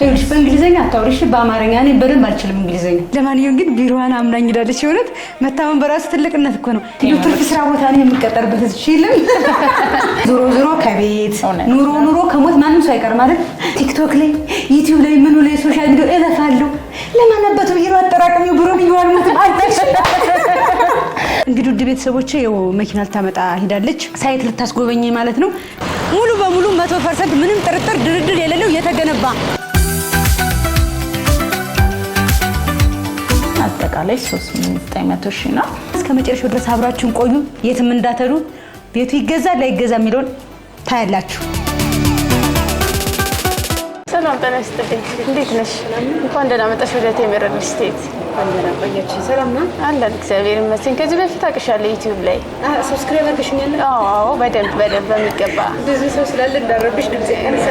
ይኸውልሽ በእንግሊዘኛ አታውሪሽ፣ በአማርኛ እኔ በደንብ አልችልም እንግሊዝኛ። ለማንኛውም ግን ቢሮዋን አምናኝ ዳለች የእውነት መታመን በራሱ ትልቅነት እኮ ነው። ትርፍ ስራ ቦታ ነው የምቀጠርበት ችልም። ዞሮ ዞሮ ከቤት ኑሮ ኑሮ ከሞት ማንም ሰው አይቀር ማለት ቲክቶክ ላይ ዩቲዩብ ላይ ምኑ ላይ ሶሻል ሚዲያ እለፋለሁ። ለማን አባቱ ቢሮ አጠራቅሚ ብሮ ብየዋል ማለት አልሽ። እንግዲህ ውድ ቤተሰቦቼ ይኸው መኪና ልታመጣ ሄዳለች፣ ሳይት ልታስጎበኘኝ ማለት ነው። ሙሉ በሙሉ መቶ ፐርሰንት ምንም ጥርጥር ድርድር የሌለው የተገነባ አጠቃላይ 3900 ሺ ነው። እስከ መጨረሻው ድረስ አብራችሁን ቆዩ። የትም እንዳትሄዱ። ቤቱ ይገዛ ላይገዛ የሚለውን ታያላችሁ። ሰላም ጤና ይስጥልኝ። እንዴት ነሽ? እንኳን ደህና መጣሽ ወደ ቴምር ሪል ስቴት። አለን፣ እግዚአብሔር ይመስገን። ከዚህ በፊት አቅሻለሁ ዩቲዩብ ላይ ሰብስክራይብ አድርገሽኛል? አዎ በደንብ በደንብ በሚገባ። ብዙ ሰው ስላለ እንዳረብሽ ድምጽ ደህና ነች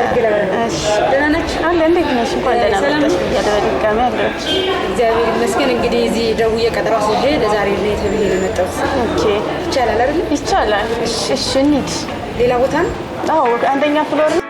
አለ እንዴት ነሽ? እንኳን ደህና መጣሽ ብያለሁ በድጋሚ አለሁልሽ። እግዚአብሔር ይመስገን። እንግዲህ እዚህ ደውዬ ቀጠሮ አስይዤ ለዛሬ ላይ የተብዬ ነው የመጣሁት። ይቻላል አይደል? ይቻላል። እሺ እንሂድ። ሌላ ቦታ ነው? አዎ አንደኛ ፍሎር ነው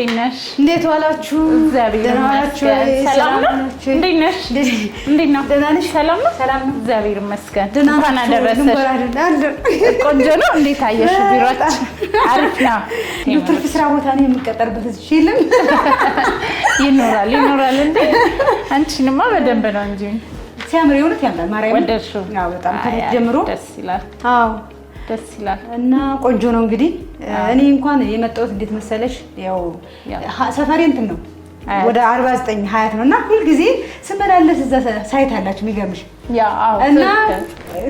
እንዴት ነሽ? እንዴት ዋላችሁ? እግዚአብሔር ይመስገን። ሰላም ነው። እንዴት ነሽ? እንዴት ነው? ደህና እግዚአብሔር ይመስገን። እንኳን አደረሰሽ። ቆንጆ ነው። እንዴት አየሽ? ቢሮአችን አሪፍ ነው። ትርፍ ስራ ቦታ ነው የምቀጠርበት። እዚህ የለም። ይኖራል፣ ይኖራል። እንዴ አንቺንማ በደንብ ነው እንጂ ሲያምር የሆነት ያምራል። ማርያም ወደድሽው? በጣም ጀምሮ ደስ ይላል። አዎ ደስ ይላል እና ቆንጆ ነው። እንግዲህ እኔ እንኳን የመጣሁት እንዴት መሰለሽ፣ ያው ሰፈሬ እንትን ነው ወደ 49 ሀያት ነው እና ሁልጊዜ ስመላለስ እዛ ሳይት አላችሁ የሚገርምሽ እና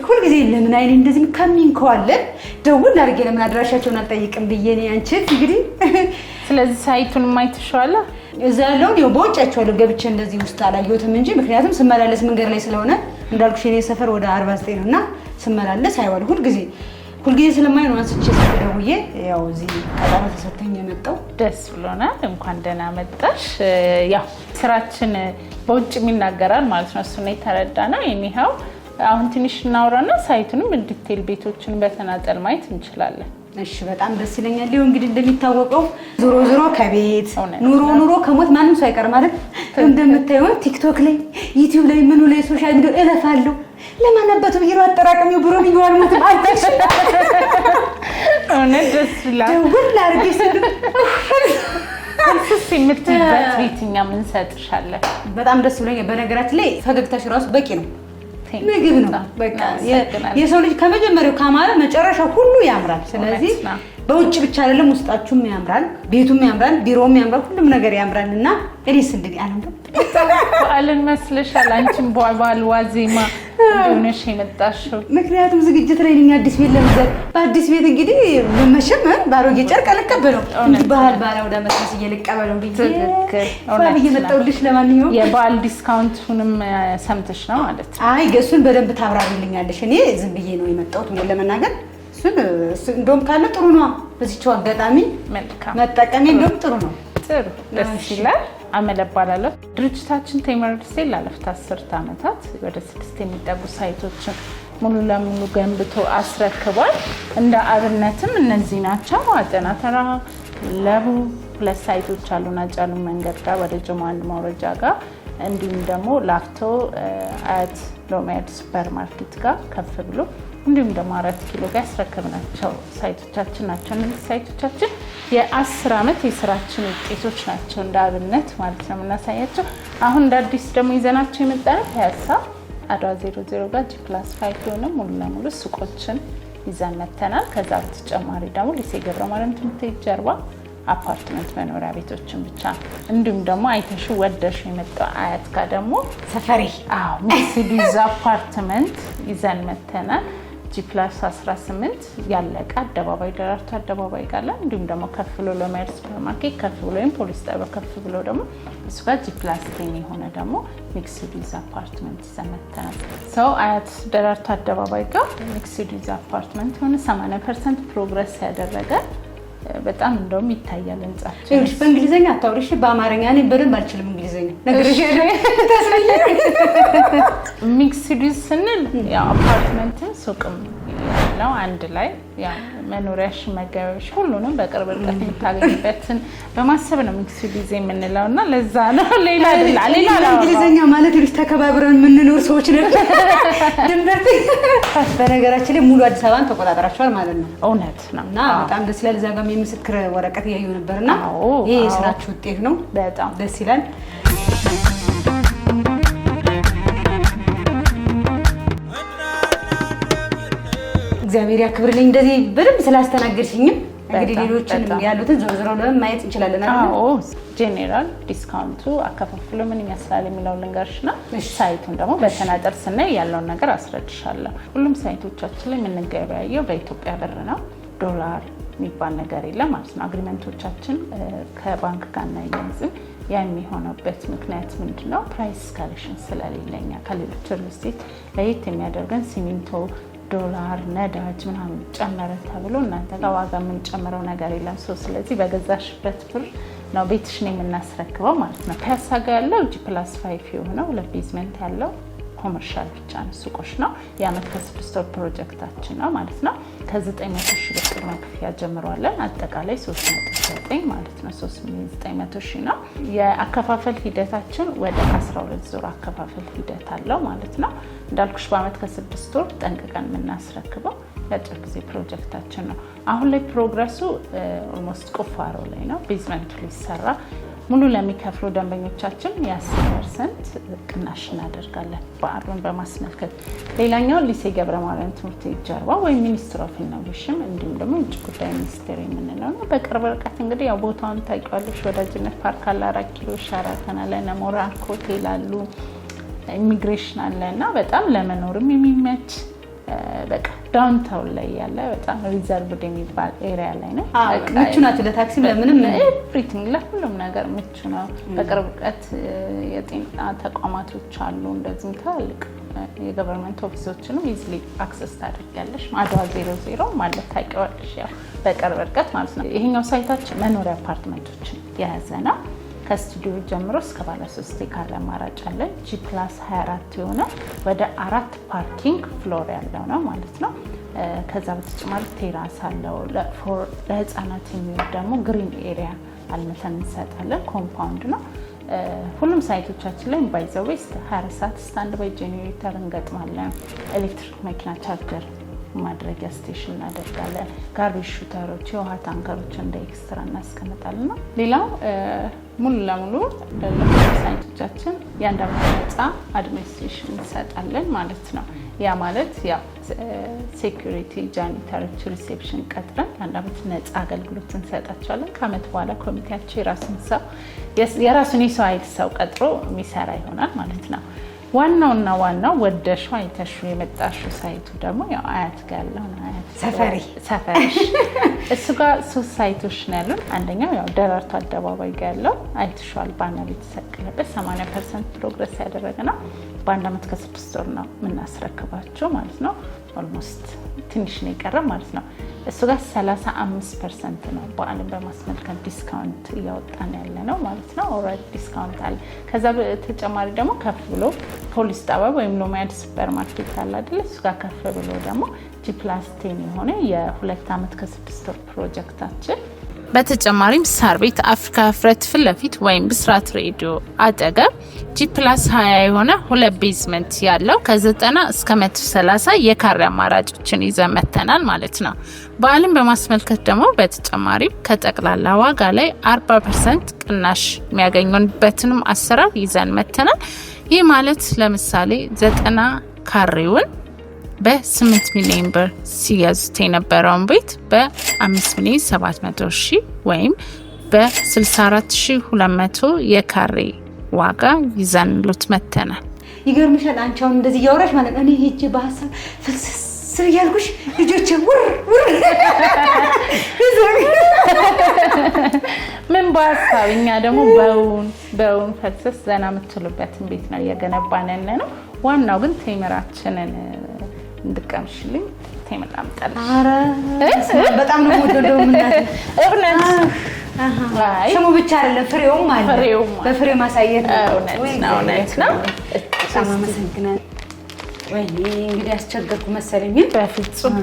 ሁልጊዜ ለምን አይኔ እንደዚህ ከሚንከዋለን ደውል አድርጌ ለምን አድራሻቸውን አልጠይቅም ብዬ እኔ አንቺን እንግዲህ ስለዚህ ሳይቱን ማይትሸዋለ እዛ ያለውን ው በውጫቸዋለሁ ገብቼ እንደዚህ ውስጥ አላየሁትም እንጂ ምክንያቱም ስመላለስ መንገድ ላይ ስለሆነ እንዳልኩሽ የኔ ሰፈር ወደ 49 ነው እና ስመላለስ አይዋል ሁልጊዜ ሁልጊዜ ስለማይ ነው አንስቼ ስደውዬ ያው እዚህ ቀጠሮ ተሰተኝ የመጣው ደስ ብሎናል። እንኳን ደህና መጣሽ። ያው ስራችን በውጭ የሚናገራል ማለት ነው። እሱን የተረዳ ነው። የሚኸው አሁን ትንሽ እናውራና ሳይቱንም እንዲቴል ቤቶችን በተናጠል ማየት እንችላለን። እሺ በጣም ደስ ይለኛል። ሊሆ እንግዲህ እንደሚታወቀው ዞሮ ዞሮ ከቤት ኑሮ ኑሮ ከሞት ማንም ሰው አይቀር ማለት እንደምታየው ቲክቶክ ላይ ዩቲዩብ ላይ ምኑ ላይ ሶሻል ሚዲያ እለፋለሁ ለማነበቱ ብሄሩ አጠራቀሚው ብሮ ልዩ አልሞትም አይተሽ እውነት ደስ ይላል። ደውል አድርጌ ስስ የምትይበት ቤት እኛ እንሰጥሻለን። በጣም ደስ ብሎኛል። በነገራችን ላይ ፈገግታሽ ራሱ በቂ ነው፣ ምግብ ነው። የሰው ልጅ ከመጀመሪያው ካማረ መጨረሻው ሁሉ ያምራል። ስለዚህ በውጭ ብቻ አይደለም ውስጣችሁም ያምራል፣ ቤቱም ያምራል፣ ቢሮውም ያምራል፣ ሁሉም ነገር ያምራል እና እኔስ እንድን ያለ በዓልን መስልሻል አንቺም በዓል ዋዜማ እንደሆነሽ የመጣሽው ምክንያቱም ዝግጅት ላይ ነኝ። አዲስ ቤት ለመግዛት በአዲስ ቤት እንግዲህ መሸም በአሮጌ ጨርቅ አልቀበለው ባህል ባለ ወደ መስ እየልቀበለው ብዬ መጣሁልሽ። ለማንኛውም የበዓል ዲስካውንቱንም ሰምተሽ ነው ማለት አይ እሱን በደንብ ታብራሪልኛለሽ። እኔ ዝም ብዬ ነው የመጣሁት ለመናገር እሱን እንደውም ካለ ጥሩ ነው። በዚችው አጋጣሚ መጠቀሜ እንደውም ጥሩ ነው። ጥሩ ደስ ይላል። አመለ ድርጅታችን ቴምር ሪል ስቴት ላለፉት አስርት ዓመታት ወደ ስድስት የሚጠጉ ሳይቶችን ሙሉ ለሙሉ ገንብቶ አስረክቧል። እንደ አብነትም እነዚህ ናቸው። አጠና ተራ፣ ለቡ ሁለት ሳይቶች አሉን። አጫሉ መንገድ ጋር ወደ ጅማ አንድ ማውረጃ ጋር እንዲሁም ደግሞ ላፍቶ አያት ሎሚያድ ሱፐር ማርኬት ጋር ከፍ ብሎ እንዲሁም ደግሞ አራት ኪሎ ጋር ያስረከብናቸው ሳይቶቻችን ናቸው። እነዚህ ሳይቶቻችን የአስር ዓመት የስራችን ውጤቶች ናቸው እንደ አብነት ማለት ነው የምናሳያቸው። አሁን እንደ አዲስ ደግሞ ይዘናቸው የመጣነው ፒያሳ አድዋ ዜሮ ዜሮ ጋር ጂ ፕላስ ፋይቭ የሆነ ሙሉ ለሙሉ ሱቆችን ይዘን መተናል። ከዛ በተጨማሪ ደግሞ ሊሴ ገብረ ማርያም ትምህርት ቤት ጀርባ አፓርትመንት መኖሪያ ቤቶችን ብቻ እንዲሁም ደግሞ አይተሹ ወደሹ የመጣው አያት ጋ ደግሞ ሰፈሬ አዎ ሚሲዲዝ አፓርትመንት ይዘን መተናል። ጂፕላስ 18 ያለቀ አደባባይ ደራርቱ አደባባይ ጋር እንዲሁም ደግሞ ከፍ ብሎ ለማየድ ሱፐርማርኬት ከፍ ብሎ ወይም ፖሊስ ጣቢያ ከፍ ብሎ ደግሞ እሱ ጋር ጂፕላስ ቴን የሆነ ደግሞ ሚክስድ አፓርትመንት ይዘን መጥተናል። ሰው አያት ደራርቱ አደባባይ ጋር ሚክስድ አፓርትመንት የሆነ 80 ፐርሰንት ፕሮግረስ ያደረገ በጣም እንደውም ይታያል ህንጻችን። እንግዲህ በእንግሊዝኛ አታውሪሽ፣ በአማርኛ እኔ በደንብ አልችልም እንግሊዝኛ ሚክስድ ስንል ያው አፓርትመንትም ሱቅም ያለው አንድ ላይ ያው መኖሪያሽ፣ መገቢያሽ ሁሉንም በቅርብ ርቀት የምታገኝበትን በማሰብ ነው ሚክስ ጊዜ የምንለው እና ለዛ ነው። ሌላ ሌላ እንግሊዝኛ ማለት ልጅ ተከባብረን የምንኖር ሰዎች ነ ድንበር በነገራችን ላይ ሙሉ አዲስ አበባን ተቆጣጠራቸዋል ማለት ነው። እውነት ነው እና በጣም ደስ ይላል። እዛ ጋም የምስክር ወረቀት እያዩ ነበር እና ይህ የስራችሁ ውጤት ነው። በጣም ደስ ይላል። እግዚአብሔር ያክብርልኝ እንደዚህ በደንብ ስላስተናገድሽኝም። እንግዲህ ሌሎችን ያሉትን ዞሮ ዞሮ ማየት እንችላለን። አዎ ጄኔራል ዲስካውንቱ አከፋፍሎ ምን ይመስላል ልንገርሽ ልንገርሽና ሳይቱን ደግሞ በተናጠር ስናይ ያለውን ነገር አስረድሻለሁ። ሁሉም ሳይቶቻችን ላይ የምንገበያየው በኢትዮጵያ ብር ነው። ዶላር የሚባል ነገር የለም ማለት ነው። አግሪመንቶቻችን ከባንክ ጋር እናያይዝም። ያ የሚሆነበት ምክንያት ምንድነው? ፕራይስ ስካሌሽን ስለሌለኛ ከሌሎች ሪል ስቴት ለየት የሚያደርገን ሲሚንቶ ዶላር፣ ነዳጅ ምናምን ጨመረ ተብሎ እናንተ ጋር ዋጋ የምንጨምረው ነገር የለም። ሰው ስለዚህ በገዛሽበት ብር ነው ቤትሽን የምናስረክበው ማለት ነው። ፒያሳ ጋር ያለው ጂ ፕላስ ፋይቭ የሆነው ሁለት ያለው ኮመርሻል ብቻ ነው ሱቆች ነው። የአመት ከስድስት ወር ፕሮጀክታችን ነው ማለት ነው። ከዘጠኝ መቶ ሺህ ብር ቅድመ ክፍያ ጀምሯለን። አጠቃላይ ሶስት ነጥብ ዘጠኝ ማለት ነው። ሶስት ሚሊዮን ዘጠኝ መቶ ሺህ ነው። የአከፋፈል ሂደታችን ወደ አስራ ሁለት ዙር አከፋፈል ሂደት አለው ማለት ነው። እንዳልኩሽ በአመት ከስድስት ወር ጠንቅቀን የምናስረክበው የአጭር ጊዜ ፕሮጀክታችን ነው። አሁን ላይ ፕሮግረሱ ኦልሞስት ቁፋሮ ላይ ነው። ቤዝመንቱ ሊሰራ ሙሉ ለሚከፍሉ ደንበኞቻችን የ10 ፐርሰንት ቅናሽ እናደርጋለን በዓሉን በማስመልከት። ሌላኛው ሊሴ ገብረ ማርያም ትምህርት ቤት ጀርባ ወይም ሚኒስትር ኦፍ ኢኖቬሽን እንዲሁም ደግሞ የውጭ ጉዳይ ሚኒስቴር የምንለው ነው። በቅርብ ርቀት እንግዲህ ያው ቦታውን ታውቂዋለሽ። ወዳጅነት ፓርክ አለ፣ አራት ኪሎ ሸራተን አለ፣ ነሞራ ሆቴል አሉ፣ ኢሚግሬሽን አለ እና በጣም ለመኖርም የሚመች በቃ ዳውንታውን ላይ ያለ በጣም ሪዘርቭድ የሚባል ኤሪያ ላይ ነው። ምቹ ናቸው ለታክሲ ለምንም ኤቭሪቲንግ ለሁሉም ነገር ምቹ ነው። በቅርብ ርቀት የጤና ተቋማቶች አሉ። እንደዚህም ትላልቅ የገቨርንመንት ኦፊሶችንም ኢዝሊ አክሰስ ታደርጊያለሽ። አድዋ ዜሮ ዜሮ ማለት ታውቂዋለሽ፣ ያው በቅርብ ርቀት ማለት ነው። ይሄኛው ሳይታችን መኖሪያ አፓርትመንቶችን የያዘ ነው። ከስቱዲዮ ጀምሮ እስከ ባለ ሶስት የካሬ አማራጭ አለ። ጂ ፕላስ 24 የሆነ ወደ አራት ፓርኪንግ ፍሎር ያለው ነው ማለት ነው። ከዛ በተጨማሪ ቴራስ አለው። ለህፃናት የሚውል ደግሞ ግሪን ኤሪያ አልመተን እንሰጣለን። ኮምፓውንድ ነው። ሁሉም ሳይቶቻችን ላይ ባይዘዌ 24 ሰዓት ስታንድ ባይ ጄኔሬተር እንገጥማለን። ኤሌክትሪክ መኪና ቻርጀር ማድረጊያ ስቴሽን እናደርጋለን። ጋርቤጅ ሹተሮች፣ የውሃ ታንከሮች እንደ ኤክስትራ እናስቀምጣለን ነው። ሌላው ሙሉ ለሙሉ ሳይንቶቻችን የአንድ ዓመት ነፃ አድሚኒስትሬሽን እንሰጣለን ማለት ነው። ያ ማለት ያው ሴኩሪቲ፣ ጃኒተሮች፣ ሪሴፕሽን ቀጥረን የአንድ ዓመት ነፃ አገልግሎት እንሰጣቸዋለን። ከዓመት በኋላ ኮሚቴያቸው የራሱን ሰው የራሱን የሰው ኃይል ሰው ቀጥሮ የሚሰራ ይሆናል ማለት ነው። ዋናውና ዋናው ወደሹ አይተሹ የመጣሹ ሳይቱ ደግሞ አያት ጋር ያለው ሰፈሪ እሱ ጋር ሶስት ሳይቶች ነው ያሉን። አንደኛው ያው ደራርቱ አደባባይ ጋ ያለው አይተሽዋል፣ ባነር የተሰቀለበት 80 ፐርሰንት ፕሮግረስ ያደረገ ነው። በአንድ አመት ከስድስት ወር ነው የምናስረክባቸው ማለት ነው ኦልሞስት ትንሽ ነው የቀረ ማለት ነው። እሱ ጋር 35 ፐርሰንት ነው በዓልን በማስመልከት ዲስካውንት እያወጣን ያለ ነው ማለት ነው። ኦልሬዲ ዲስካውንት አለ። ከዛ በተጨማሪ ደግሞ ከፍ ብሎ ፖሊስ ጣቢያ ወይም ሎማያድ ሱፐር ማርኬት አለ አይደለ? እሱ ጋር ከፍ ብሎ ደግሞ ጂፕላስቴን የሆነ የሁለት ዓመት ከስድስት ወር ፕሮጀክታችን በተጨማሪም ሳር ቤት አፍሪካ ህብረት ፊት ለፊት ወይም ብስራት ሬዲዮ አጠገብ ጂ ፕላስ 20 የሆነ ሁለት ቤዝመንት ያለው ከ90 እስከ 130 የካሬ አማራጮችን ይዘን መጥተናል ማለት ነው። በዓልን በማስመልከት ደግሞ በተጨማሪም ከጠቅላላ ዋጋ ላይ 40 ፐርሰንት ቅናሽ የሚያገኙበትንም አሰራር ይዘን መጥተናል። ይህ ማለት ለምሳሌ ዘጠና ካሬውን በ8 ሚሊዮን ብር ሲገዙት የነበረውን ቤት በ5 ሚሊዮን 700 ሺህ ወይም በ64200 የካሬ ዋጋ ይዘንሉት መተናል። ይገርምሻል አንቺ አሁን እንደዚህ እያወራሽ ማለት እኔ ሄጄ በሀሳብ ፍልስስ እያልኩሽ ልጆች ውር ውር ምን በሀሳብ እኛ ደግሞ በውን በውን ፈልስስ ዘና የምትሉበትን ቤት ነው እየገነባን ያለ ነው። ዋናው ግን ቴምራችንን እንድቀምሽልኝ በጣም ነው የምወደው። እውነት ስሙ ብቻ አይደለም ፍሬውም አለ። በፍሬው ማሳየት እውነት ነው። በጣም አመሰግናለሁ። እንግዲህ አስቸገርኩ መሰለኝ። በፍጹም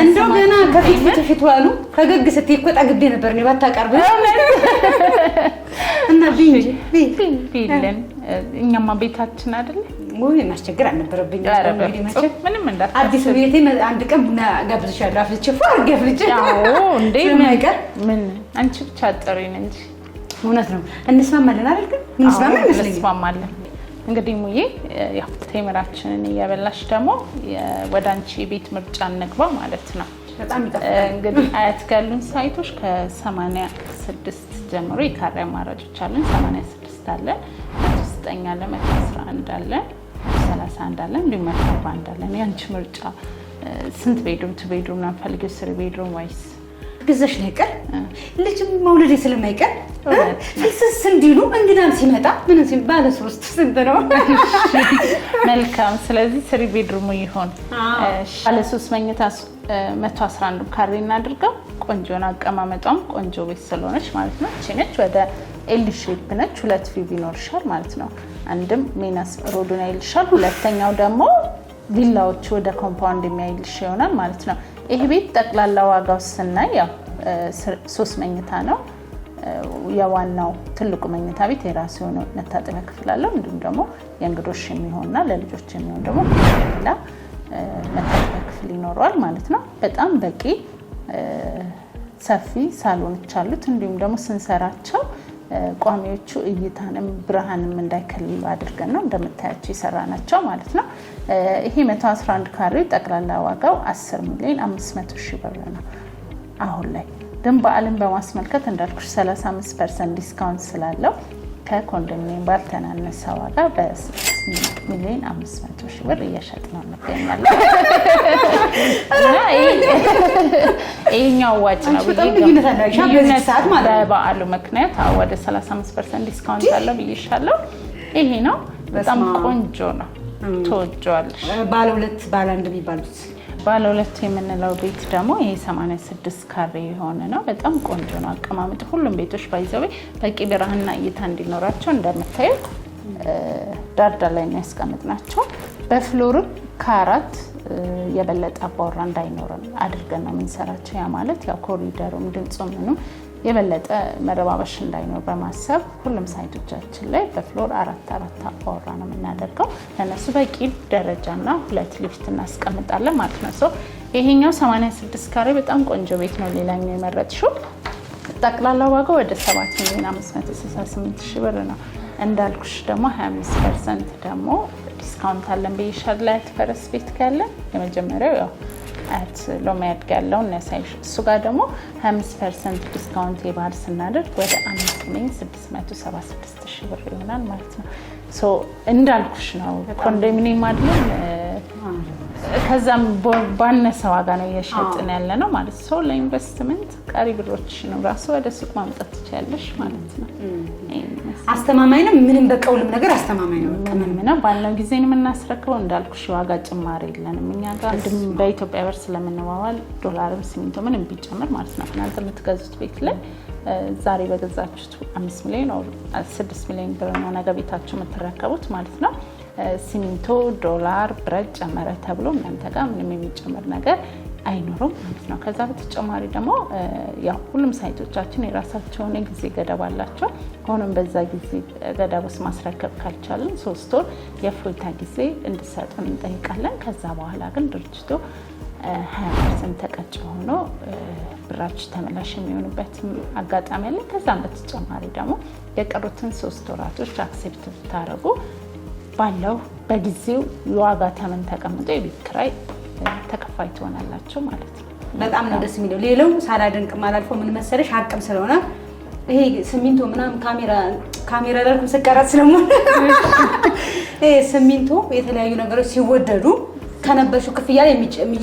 እንደው ገና ከፊት ፊት ዋሉ ፈገግ ስትይ እኮ ጠግቤ ነበር እኔ ባታቀርብ እና ብይ እኛማ ቤታችን አይደለ ውይ ማስቸገር አልነበረብኝ። ምንም አዲሱ ቤቴ አንድ ቀን ቡና ጋብዝሻለሁ። አፍልቼ ፎር ገፍልቼ እንደማይቀር ምን አንቺ ብቻ አጠሪኝ እንጂ እውነት ነው። እንስማማለን አይደል? ግን እንስማማለን እንስማማለን። እንግዲህ ሙዬ ያው ቴምራችንን እየበላሽ ደግሞ ወደ አንቺ ቤት ምርጫ እንግባ ማለት ነው። እንግዲህ አያት ያሉን ሳይቶች ከ86 ጀምሮ የካሬ አማራጮች አለን። 86 አለን፣ 9 አለን፣ 11 አለን ሰላሳ እንዳለን እንዲሁም መቶ አርባ እንዳለን የአንቺ ምርጫ። ስንት ቤድሩም ቱ ቤድሩም ና ፈልጊው ስሪ ቤድሩም ወይስ ግዘሽ ነው ይቀር ልጅ መውለድ ስለማይቀር ፍልስስ እንዲሉ እንግዳም ሲመጣ ምን ሲ ባለ ሶስት ስንት ነው? መልካም። ስለዚህ ስሪ ቤድሩሙ ይሆን ባለ ሶስት መኝታ መቶ አስራ አንዱ ካሬ እናድርገው። ቆንጆን አቀማመጧም ቆንጆ ቤት ስለሆነች ማለት ነው። ቺነች ወደ ኤል ሼፕ ነች። ሁለት ቪቭ ይኖርሻል ማለት ነው። አንድም ሜናስ ሮዱን ያይልሻል፣ ሁለተኛው ደግሞ ቪላዎች ወደ ኮምፓውንድ የሚያይልሽ ይሆናል ማለት ነው። ይህ ቤት ጠቅላላ ዋጋው ስናይ ያው ሶስት መኝታ ነው። የዋናው ትልቁ መኝታ ቤት የራሱ የሆነ መታጠቢያ ክፍል አለው። እንዲሁም ደግሞ የእንግዶች የሚሆንና ለልጆች የሚሆን ደግሞ ሌላ መታጠቢያ ክፍል ይኖረዋል ማለት ነው። በጣም በቂ ሰፊ ሳሎኖች አሉት። እንዲሁም ደግሞ ስንሰራቸው ቋሚዎቹ እይታንም ብርሃንም እንዳይከልሉ አድርገን ነው እንደምታያቸው የሰራ ናቸው ማለት ነው። ይሄ 111 ካሬ ጠቅላላ ዋጋው 10 ሚሊዮን 500 ሺህ ብር ነው አሁን ላይ ግን በዓልን በማስመልከት እንዳልኩሽ 35 ፐርሰንት ዲስካውንት ስላለው ከኮንዶሚኒየም ባልተናነሰ ዋጋ በ በሚሊዮን አምስት መቶ ሺህ ብር እየሸጥ ነው እንገኛለን። ይህኛው ዋጭ ነው በበዓሉ ምክንያት ወደ 35 ፐርሰንት ዲስካውንት አለው ብዬሻለሁ። ይሄ ነው በጣም ቆንጆ ነው። ትወጂዋለሽ። ባለ ሁለት ባለ አንድ የሚባሉት ባለ ሁለት የምንለው ቤት ደግሞ ይሄ 86 ካሬ የሆነ ነው። በጣም ቆንጆ ነው አቀማመጡ። ሁሉም ቤቶች ባይዘው በቂ ብርሃንና እይታ እንዲኖራቸው እንደምታዩት ዳርዳር ላይ የሚያስቀምጥ ናቸው። በፍሎርም ከአራት የበለጠ አባወራ እንዳይኖረን አድርገን ነው የምንሰራቸው። ያ ማለት ያው ኮሪደሩም ድምፁ ምኑም የበለጠ መረባበሽ እንዳይኖር በማሰብ ሁሉም ሳይቶቻችን ላይ በፍሎር አራት አራት አባወራ ነው የምናደርገው። ለነሱ በቂ ደረጃና ሁለት ሊፍት እናስቀምጣለን ማለት ነው። ሰው ይሄኛው 86 ካሬ በጣም ቆንጆ ቤት ነው። ሌላኛው የመረጥሽው ጠቅላላ ዋጋው ወደ 7 ሚሊዮን 568 ሺ ብር ነው። እንዳልኩሽ ደግሞ 25 ፐርሰንት ደግሞ ዲስካውንት አለን። በይሻድ ላይ ፈረስ ቤት ካለን የመጀመሪያው ያው አት ሎሚ ያለው እነሳይሽ እሱ ጋር ደግሞ 25 ፐርሰንት ዲስካውንት የባህል ስናደርግ ወደ 5 ሚሊዮን 676 ብር ይሆናል ማለት ነው። እንዳልኩሽ ነው ኮንዶሚኒየም አይደለም ከዛም ባነሰ ዋጋ ነው እየሸጥን ያለ ነው ማለት ሰው ለኢንቨስትመንት ቀሪ ብሮች ነው ራሱ ወደ ሱቅ ማምጣት ትችያለሽ ማለት ነው። አስተማማኝ ነው። ምንም በቃ ሁሉም ነገር አስተማማኝ ነው። ምንም ነው ባለው ጊዜ የምናስረክበው እንዳልኩሽ ዋጋ ጭማሪ የለንም እኛ ጋር አንድም በኢትዮጵያ ብር ስለምንዋዋል ዶላርም ሲሚንቶ ምንም ቢጨምር ማለት ነው። እናንተ የምትገዙት ቤት ላይ ዛሬ በገዛችሁት አምስት ሚሊዮን ስድስት ሚሊዮን ብር ነው ነገ ቤታችሁ የምትረከቡት ማለት ነው። ሲሚንቶ፣ ዶላር፣ ብረት ጨመረ ተብሎ እናንተ ጋር ምንም የሚጨምር ነገር አይኖሩም ማለት ነው። ከዛ በተጨማሪ ደግሞ ያው ሁሉም ሳይቶቻችን የራሳቸውን የጊዜ ገደብ አላቸው። ሆኖም በዛ ጊዜ ገደብ ውስጥ ማስረከብ ካልቻለን ሶስት ወር የእፎይታ ጊዜ እንድሰጡን እንጠይቃለን። ከዛ በኋላ ግን ድርጅቱ ሀያ ፐርሰንት ተቀጭ ሆኖ ብራች ተመላሽ የሚሆንበት አጋጣሚ አለ ከዛም በተጨማሪ ደግሞ የቀሩትን ሶስት ወራቶች አክሴፕት ብታደረጉ ባለው በጊዜው የዋጋ ተመን ተቀምጦ የቤት ክራይ ተከፋይ ትሆናላቸው ማለት ነው። በጣም ነው ደስ የሚለው። ሌላው ሳላደንቅ ማላልፎ ምን መሰለሽ አቅም ስለሆነ ይሄ ስሚንቶ ምናምን ካሜራ ካሜራ ላልኩም ስቀረጽ ስለሆነ ይሄ ስሚንቶ የተለያዩ ነገሮች ሲወደዱ ከነበሹ ክፍያ ላይ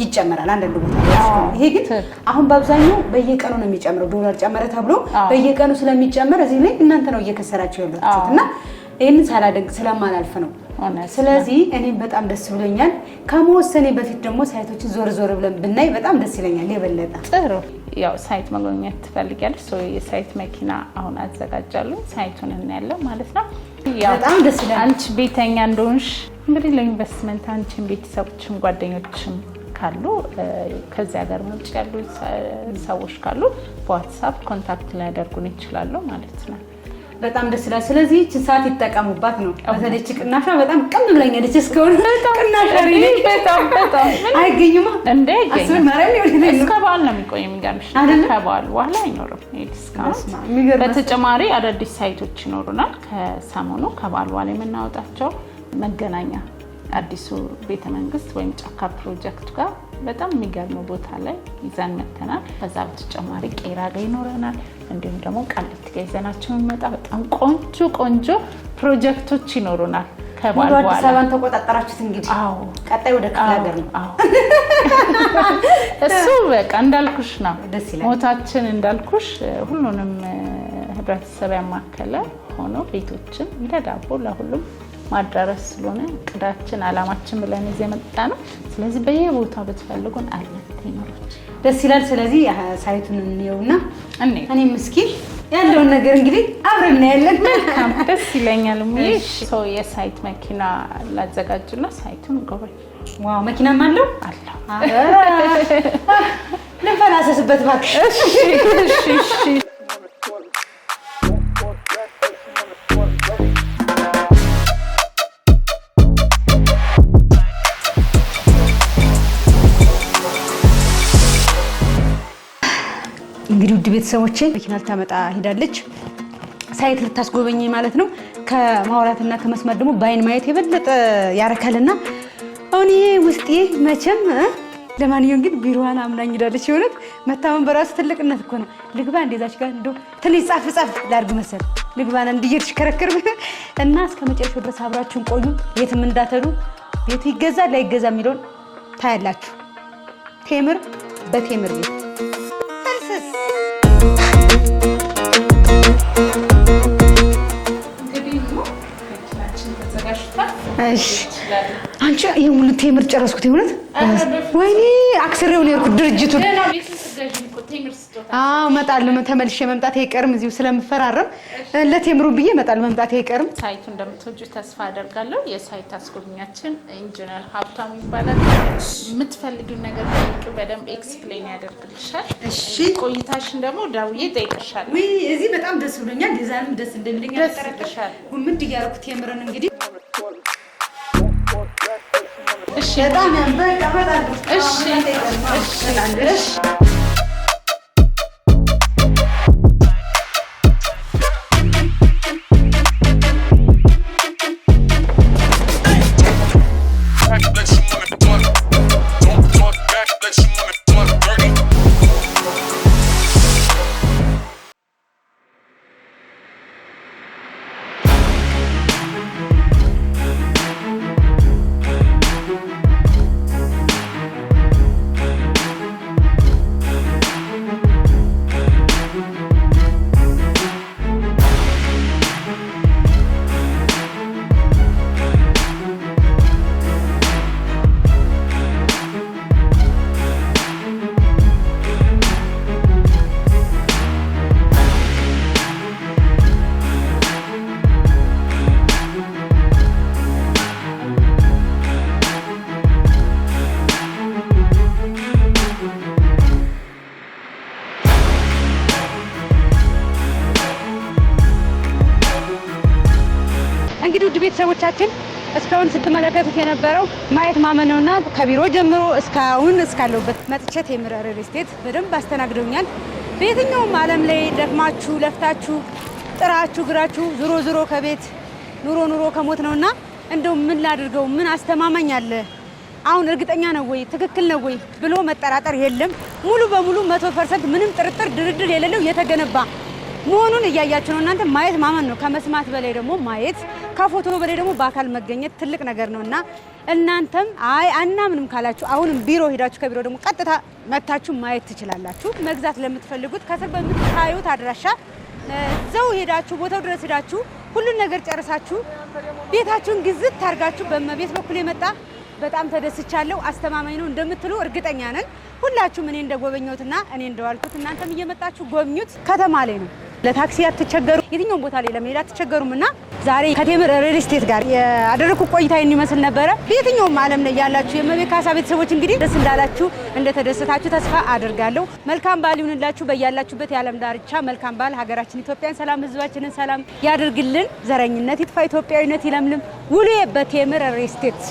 ይጨመራል አንዳንድ ቦታ። ይሄ ግን አሁን በአብዛኛው በየቀኑ ነው የሚጨምረው። ዶላር ጨመረ ተብሎ በየቀኑ ስለሚጨመር እዚህ ላይ እናንተ ነው እየከሰራችሁ ያላችሁት እና ይህንን ሳላደንቅ ስለማላልፍ ነው። ስለዚህ እኔም በጣም ደስ ብሎኛል። ከመወሰኔ በፊት ደግሞ ሳይቶችን ዞር ዞር ብለን ብናይ በጣም ደስ ይለኛል። የበለጠ ጥሩ ያው ሳይት መጎብኘት ትፈልጊያለሽ? የሳይት መኪና አሁን አዘጋጃሉ ሳይቱን እናያለን ማለት ነው። በጣም ደስ ይላል። አንቺ ቤተኛ እንደሆንሽ እንግዲህ ለኢንቨስትመንት አንቺን፣ ቤተሰቦችም ጓደኞችም ካሉ ከዚያ ሀገር ውጭ ያሉ ሰዎች ካሉ በዋትሳፕ ኮንታክት ሊያደርጉን ይችላሉ ማለት ነው። በጣም ደስ ይላል። ስለዚህ ይህች ሰዓት ይጠቀሙባት ነው። በተለይ ቅናሿ በጣም ቅም ብላኛለች። እስከሆነ ቅናሽ አይገኝማ እንደ እስከበዓል ነው የሚቆይ የሚገርምሽ ከበዓል በኋላ አይኖርም ዲስካውንት። በተጨማሪ አዳዲስ ሳይቶች ይኖሩናል ከሰሞኑ ከበዓል በኋላ የምናወጣቸው መገናኛ አዲሱ መንግስት ወይም ጫካ ፕሮጀክት ጋር በጣም የሚገርመው ቦታ ላይ ይዘን መተናል። በዛ በተጨማሪ ቄራ ጋ ይኖረናል። እንዲሁም ደግሞ ቃሊቲ ጋ ይዘናቸው የሚመጣ በጣም ቆንጆ ቆንጆ ፕሮጀክቶች ይኖሩናል። ሙሉ አዲስ አበባን ተቆጣጠራችሁት። እንግዲህ ቀጣይ ወደ ክፍለ ሀገር ነው። እሱ በቃ እንዳልኩሽ ነው ሞታችን እንዳልኩሽ ሁሉንም ህብረተሰብ ያማከለ ሆኖ ቤቶችን እንደ ዳቦ ለሁሉም ማዳረስ ስለሆነ እቅዳችን አላማችን ብለን ይዘ መጣ ነው። ስለዚህ በየቦታው ብትፈልጉን አለ ቴምሮች ደስ ይላል። ስለዚህ ሳይቱን እንየውና እኔ እስኪ ያለውን ነገር እንግዲህ አብረን እናያለን። መልካም ደስ ይለኛል። ሰው የሳይት መኪና ላዘጋጅና ሳይቱን ጎበኝ። ዋው መኪናም አለው አለው። ልንፈላሰስበት እባክሽ። እሺ እሺ እንግዲህ ውድ ቤተሰቦቼ መኪና ልታመጣ ሄዳለች፣ ሳይት ልታስጎበኝ ማለት ነው። ከማውራትና ከመስማት ደግሞ በአይን ማየት የበለጠ ያረካልና አሁን ይሄ ውስጤ መቼም ለማንኛውም ግን ቢሮዋን አምናኝ ሄዳለች። የሆነት መታመን በራሱ ትልቅነት እኮ ነው። ልግባ እንደዛች ጋር እንደ ትንሽ ጻፍ ጻፍ ላድርግ መሰል ልግባና እንድየርሽ ከረክር እና እስከ መጨረሻው ድረስ አብራችሁን ቆዩ። የትም እንዳትሄዱ። ቤቱ ይገዛ ላይገዛ የሚለውን ታያላችሁ። ቴምር በቴምር ቤት እሺ አንቺ ይሄ ቴምር ጨረስኩት። የእውነት ወይኔ አክስሬው ነው የሄድኩት ድርጅቱን። አዎ እመጣለሁ፣ ተመልሼ መምጣት አይቀርም። እዚሁ ስለምፈራረም ለቴምሩ ብዬ እመጣለሁ፣ መምጣት አይቀርም። ሳይቱ እንደምትወጂው ተስፋ አደርጋለሁ። የሳይት አስጎብኛችን ኢንጂነር ሀብታሙ ይባላል። የምትፈልጊውን ነገር ጠይቅ፣ በደንብ ኤክስፕሌን ያደርግልሻል። እሺ ቆይታሽን ደግሞ ደውዬ እጠይቅሻለሁ። ውይ እዚህ በጣም ደስ ብሎኛል። የዛሬም ደስ እንደሚለኝ ያጠረቅሻል። ምንድን እያደረኩት ቴምርን እንግዲህ እሺ፣ በጣም ያምራል። እሺ፣ እሺ፣ እሺ ስመለከቱት የነበረው ማየት ማመን ነውና ከቢሮ ጀምሮ እስካሁን እስካለሁበት መጥቼ ቴምር ሪል ስቴት በደንብ አስተናግደውኛል። በየትኛውም ዓለም ላይ ደክማችሁ ለፍታችሁ ጥራችሁ ግራችሁ ዙሮ ዙሮ ከቤት ኑሮ ኑሮ ከሞት ነውና እንደው ምን ላድርገው ምን አስተማማኝ አለ አሁን እርግጠኛ ነው ወይ ትክክል ነው ወይ ብሎ መጠራጠር የለም። ሙሉ በሙሉ መቶ ፐርሰንት ምንም ጥርጥር ድርድር የሌለው የተገነባ መሆኑን እያያችሁ ነው። እናንተ ማየት ማመን ነው። ከመስማት በላይ ደግሞ ማየት፣ ከፎቶ በላይ ደግሞ በአካል መገኘት ትልቅ ነገር ነው እና እናንተም አይ አናምንም ካላችሁ አሁንም ቢሮ ሄዳችሁ ከቢሮ ደግሞ ቀጥታ መታችሁ ማየት ትችላላችሁ። መግዛት ለምትፈልጉት ከስር በምታዩት አድራሻ ዘው ሄዳችሁ ቦታው ድረስ ሄዳችሁ ሁሉን ነገር ጨርሳችሁ ቤታችሁን ግዝት ታርጋችሁ በመቤት በኩል የመጣ በጣም ተደስቻለሁ፣ አስተማማኝ ነው እንደምትሉ እርግጠኛ ነን። ሁላችሁም እኔ እንደጎበኘሁትና እኔ እንደዋልኩት እናንተም እየመጣችሁ ጎብኙት። ከተማ ላይ ነው። ለታክሲ አትቸገሩ፣ የትኛውም ቦታ ላይ ለመሄድ አትቸገሩም እና ዛሬ ከቴምር ሪል ስቴት ጋር ያደረግኩ ቆይታ ይመስል ነበረ። በየትኛውም ዓለም ላይ ያላችሁ የእመቤት ካሳ ቤተሰቦች እንግዲህ ደስ እንዳላችሁ እንደተደሰታችሁ ተስፋ አድርጋለሁ። መልካም በዓል ይሁንላችሁ። በያላችሁበት የዓለም ዳርቻ መልካም በዓል። ሀገራችን ኢትዮጵያን ሰላም፣ ህዝባችንን ሰላም ያድርግልን። ዘረኝነት ይጥፋ፣ ኢትዮጵያዊነት ይለምልም። ውሉ በቴምር ሪል ስቴት